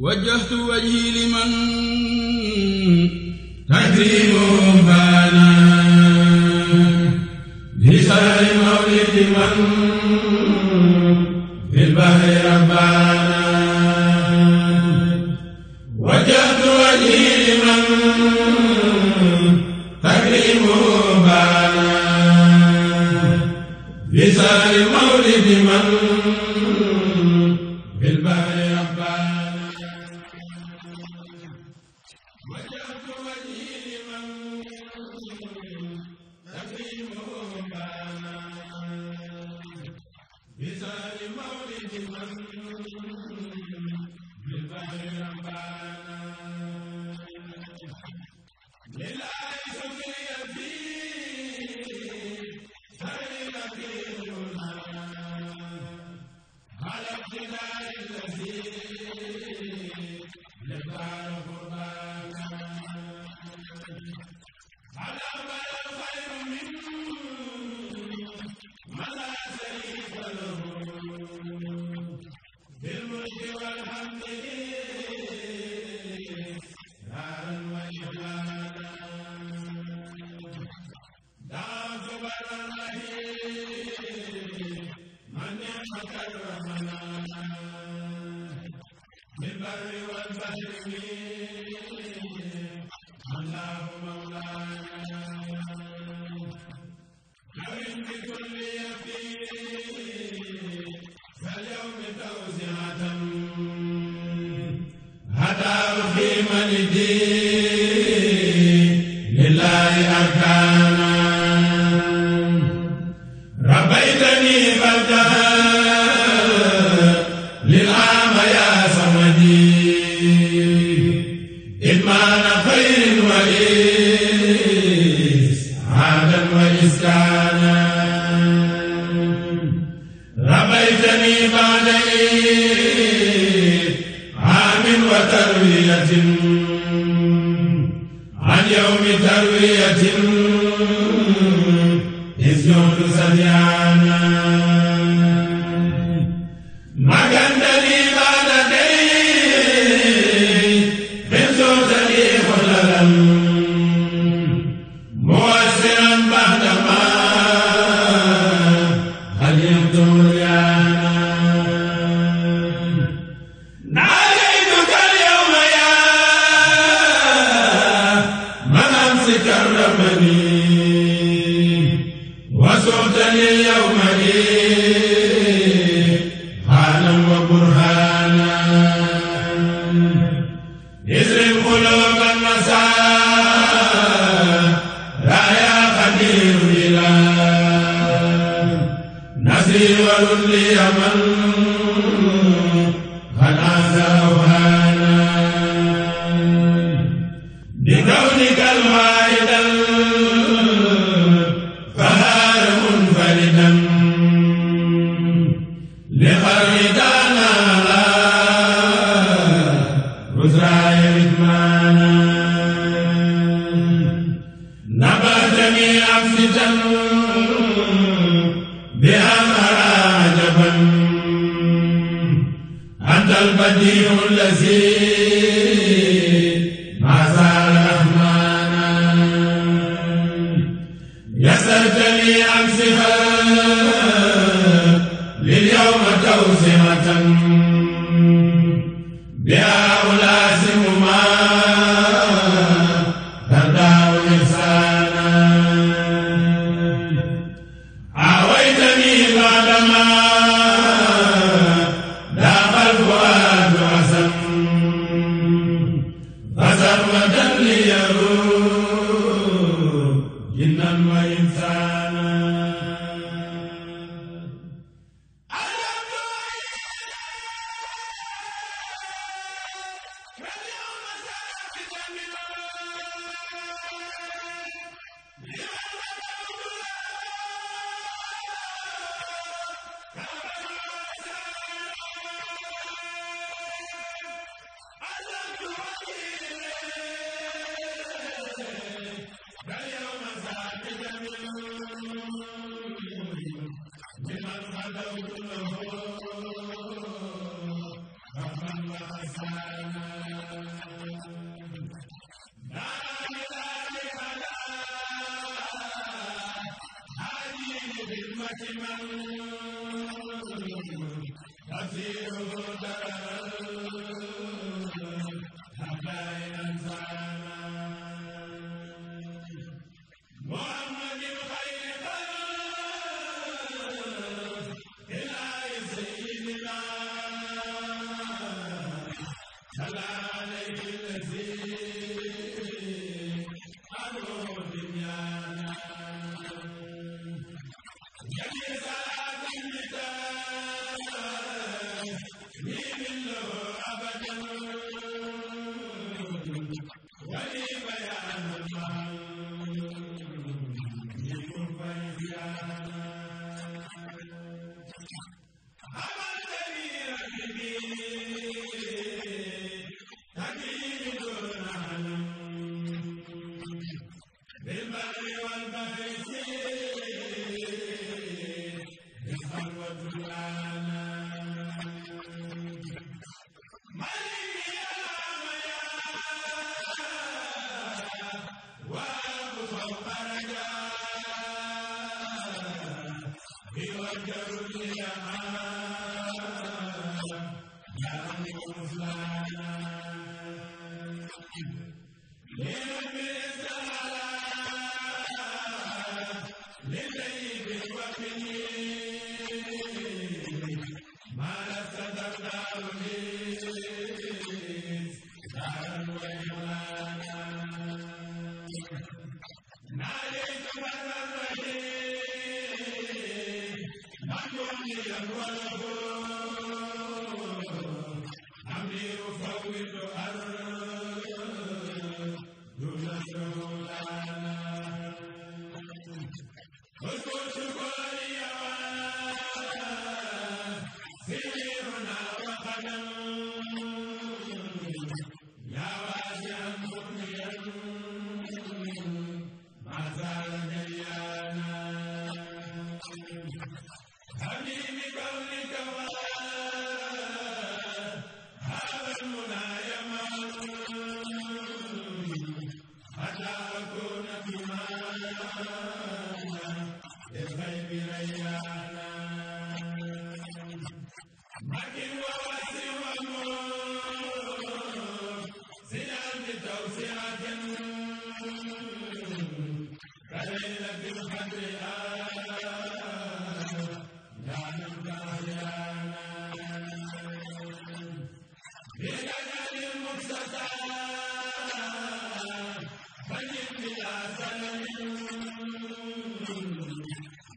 wajjahtu wajhi liman takrimu yaa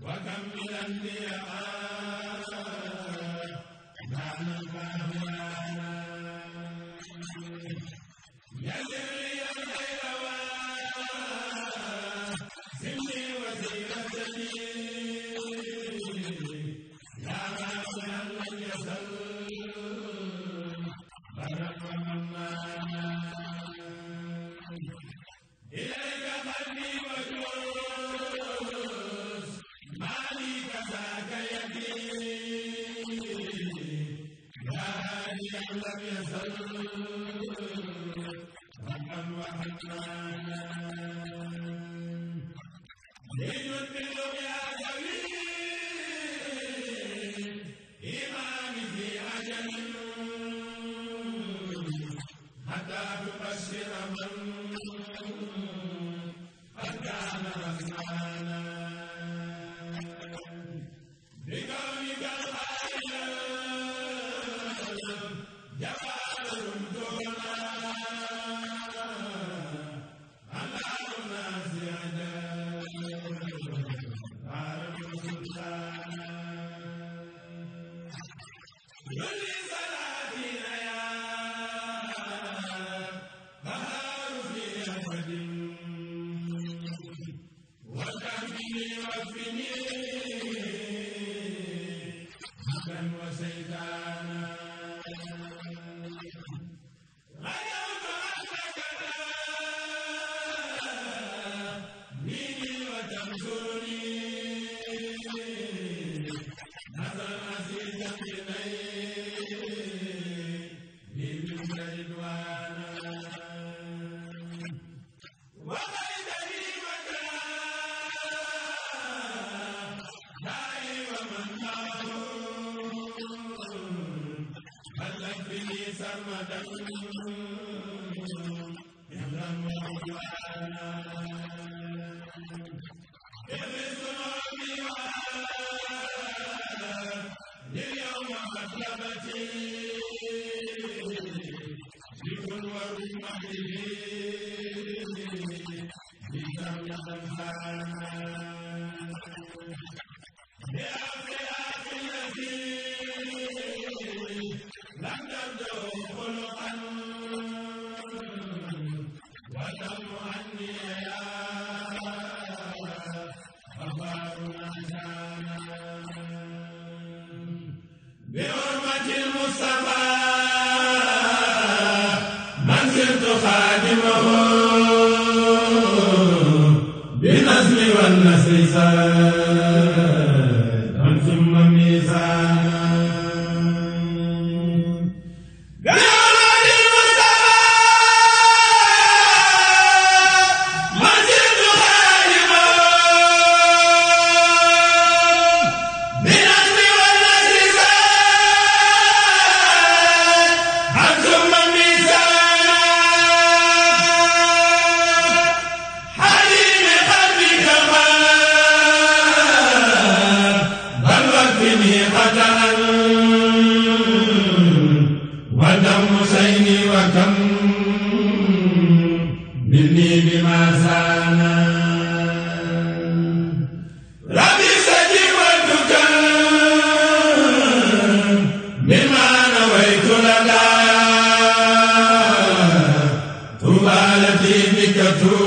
وكم من الأنبياء ridwaan المهنئ يا Amiin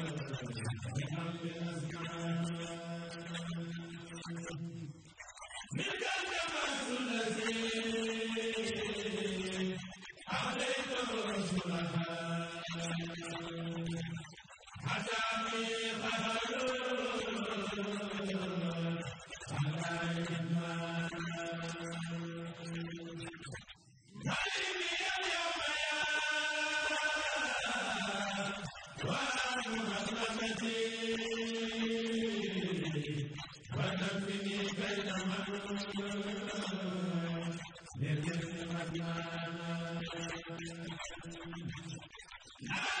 Thank you.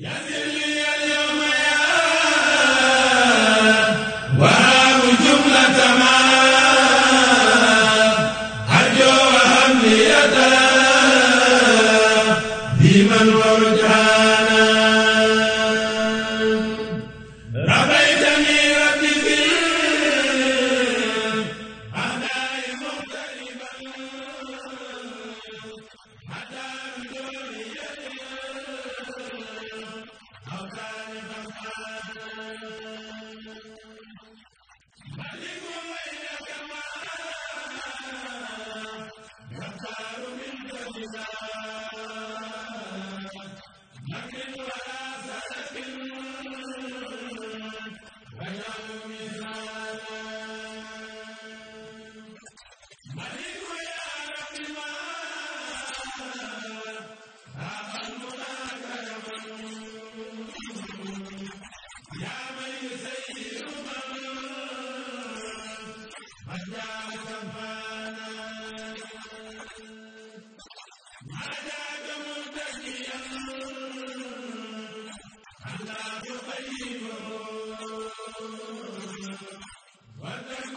yaa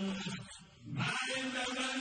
ما عندما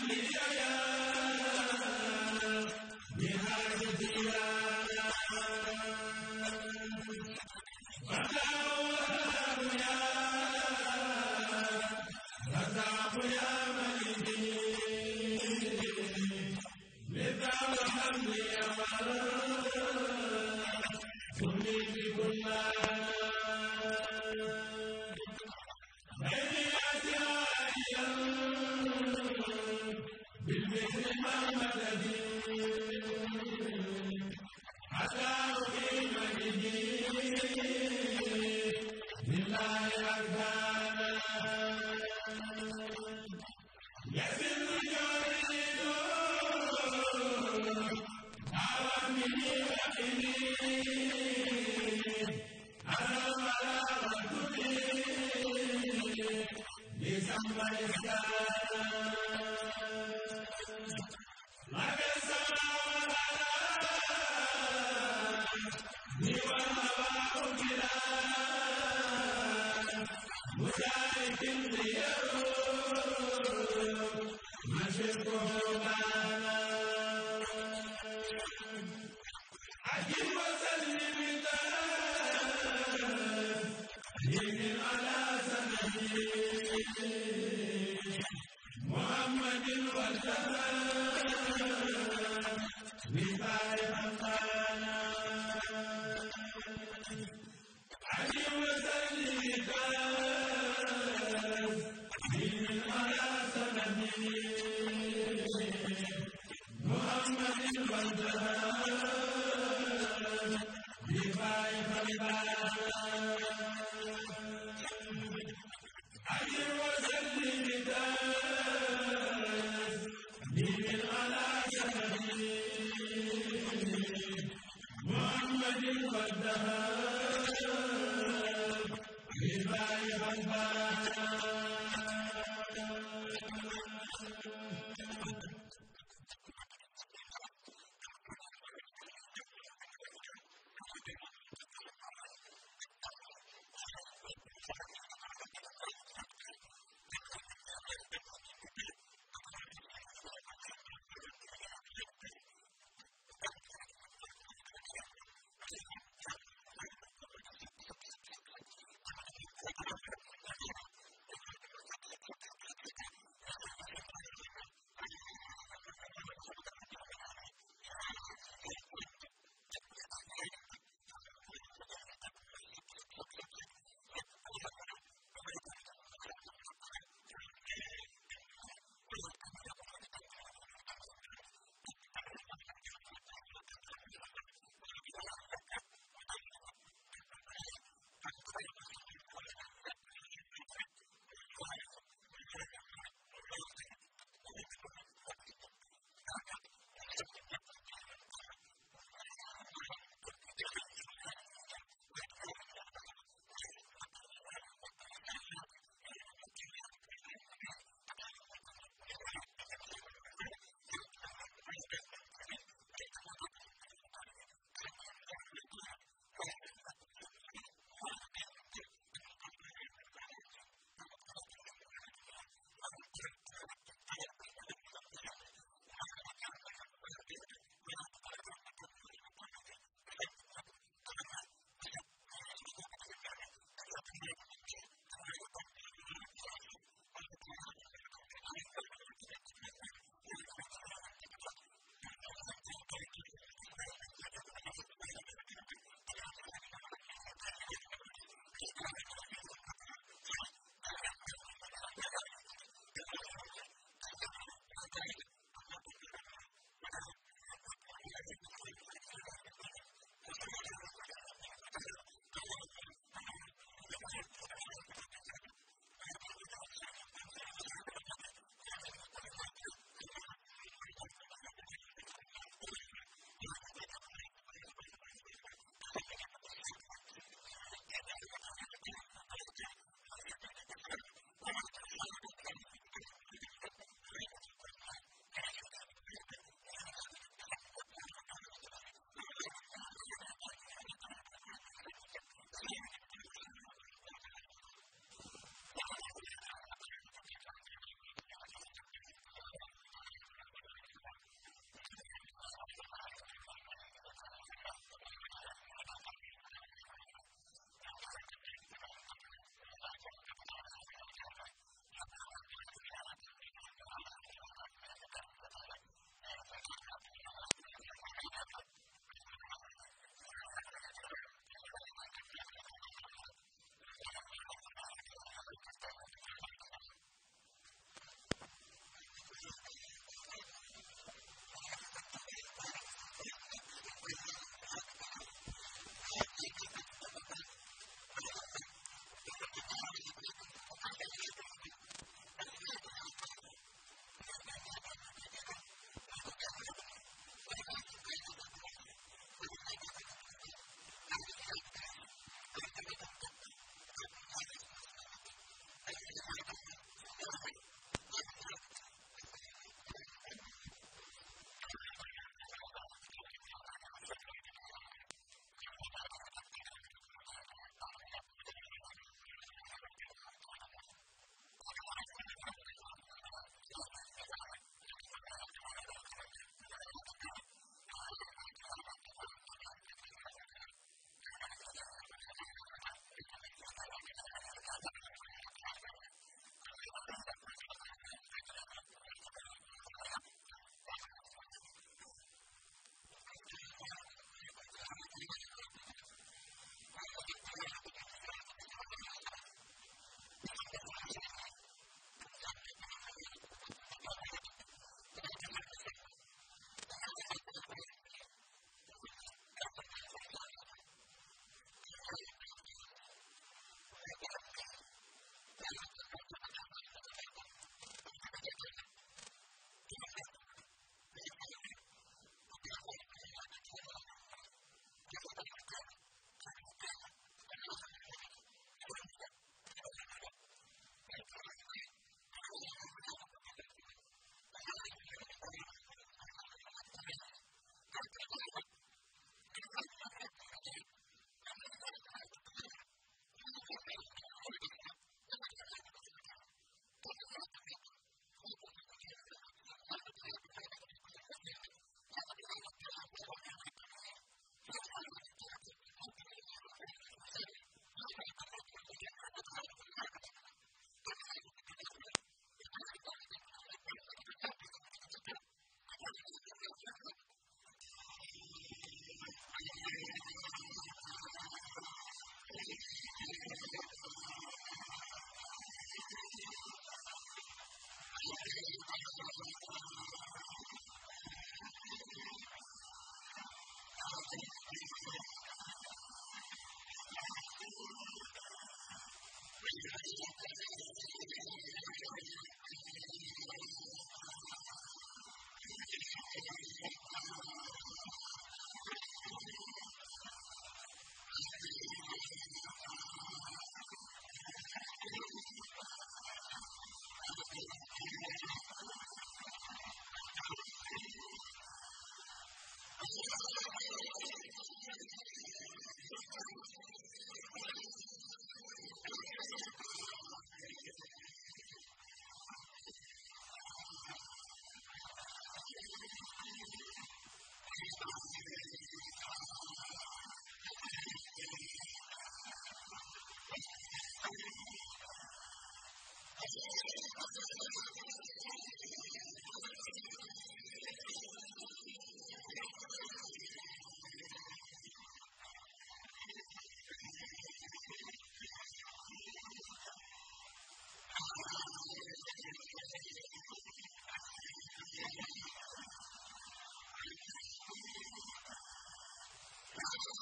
والذهاب بما يغفى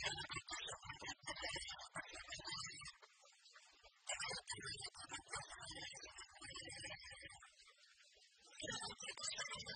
Thank you.